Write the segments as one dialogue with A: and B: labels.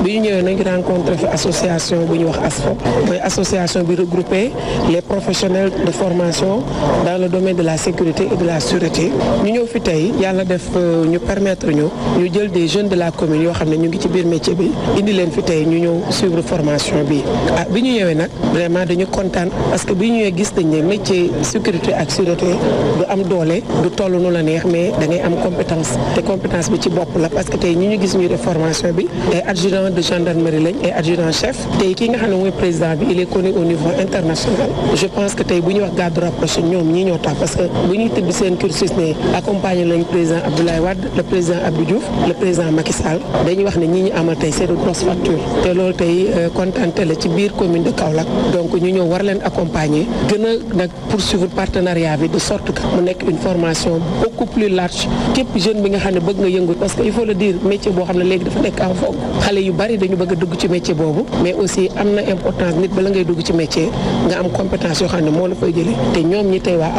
A: Nous avons rencontré l'association Asfo, l'association ñu wax regroupé les professionnels de formation dans le domaine de la sécurité et de la sûreté ñu ñëw fi tey yàlla def euh, ñu permettre ñu ñu jël des jeunes de la commune yoo xam ne ñu ngi ci biir métier bi indi leen fi la formation bi ah bi vraiment dañu parce que nous avons vu gis métiers métier sécurité ak sûreté du am doole du toll la neex mais da am compétences des compétences bi ci la parce que nous avons ñu gis ñuy def formation bi ay adjudant de gendarmerie et et adjudant chef tey kii nga président il est connu au niveau international je pense que tey bu wax garde rapproché ñoom parce que bu ñuy tëdd un cursus ne accompagné président Abdoulaye Wad, le président Abdou le président Macky Sall dañuy wax ne ñii ñu amal tey c'est de grosses factures te loolu tey euh, kontaante la ci biir commune de Kaolack donc ñu ñëw war leen accompagner gën a poursuivre partenariat bi de sorte que mu nekk une formation beaucoup plus large képp jeune bi nga xam bëgg nga yëngu parce que il faut le dire métier boo xam ne léegi dafa nekk en vogue bari dañu bëgg dugg ci métier bobu mais aussi amna importance nit bala ngay dugg ci métier nga am compétence yo xamne mo la fay jëlé té ñoom ñi tay wa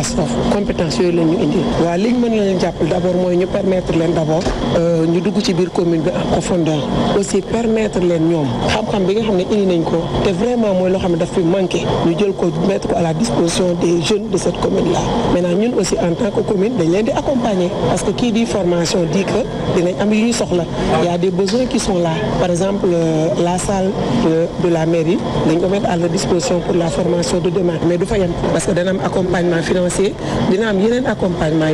A: compétence yo les indi wa li ñu mën leen jàppale ñu permettre leen d'abord euh ñu dugg ci biir commune bi en profondeur aussi permettre leen ñoom xam-xam bi nga xamne indi nañ ko té vraiment moy lo xamne daf fi manqué ñu jël ko mettre à la disposition des jeunes de cette commune là maintenant ñun aussi en tant que commune dañ leen di accompagner parce que qui dit formation dit que dinañ am yu soxla y a des besoins qui sont là par exemple exemple, euh, la salle de, euh, de la mairie, nous allons mettre à la disposition pour la formation de demain. Mais nous faisons parce que nous avons un accompagnement financier, nous avons un accompagnement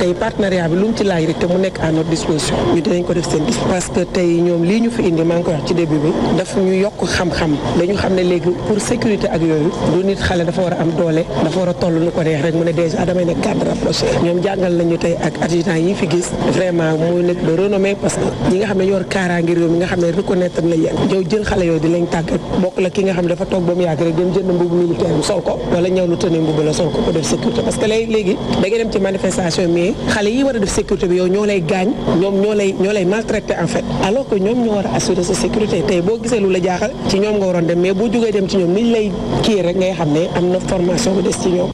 A: qui est partenariat qui est à notre disposition. Nous devons le faire parce que nous avons ligne fi indi maa ngi koy wax ci début bi daf ñu yokk xam-xam dañu xam ne léegi pour sécurité ak yooyu du nit xale dafa war a am doole dafa war a toll nu ko neex rek mu ne dèjà damay nekk cadre rapproché ñoom jàngal nañu tey ak adjudant yi fi gis vraiment muy nekk de renommée parce que ñi nga xam ne ñoo war kaaraange nga xam reconnaître la yéen yow jël xale yooyu di lañ tàggat bokk la ki nga xam ne dafa toog ba mu yàgg rek dem jënd mbubu militaire sol ko wala ñëw lu que léegi léegi da ngay dem ci manifestation mais xale yi war a def sécurité bi yow ñoo lay gaañ ñoom ñoo lay ñoo lay maltraité en fait alors que ñoom ñoo war a assurer sa sécurité tey boo gisee lu la jaaxal ci ñoom nga waroon dem mais boo jógee dem ci ñoom niñ lay kii rek ngay xam ne am na formation bu des ci ñoom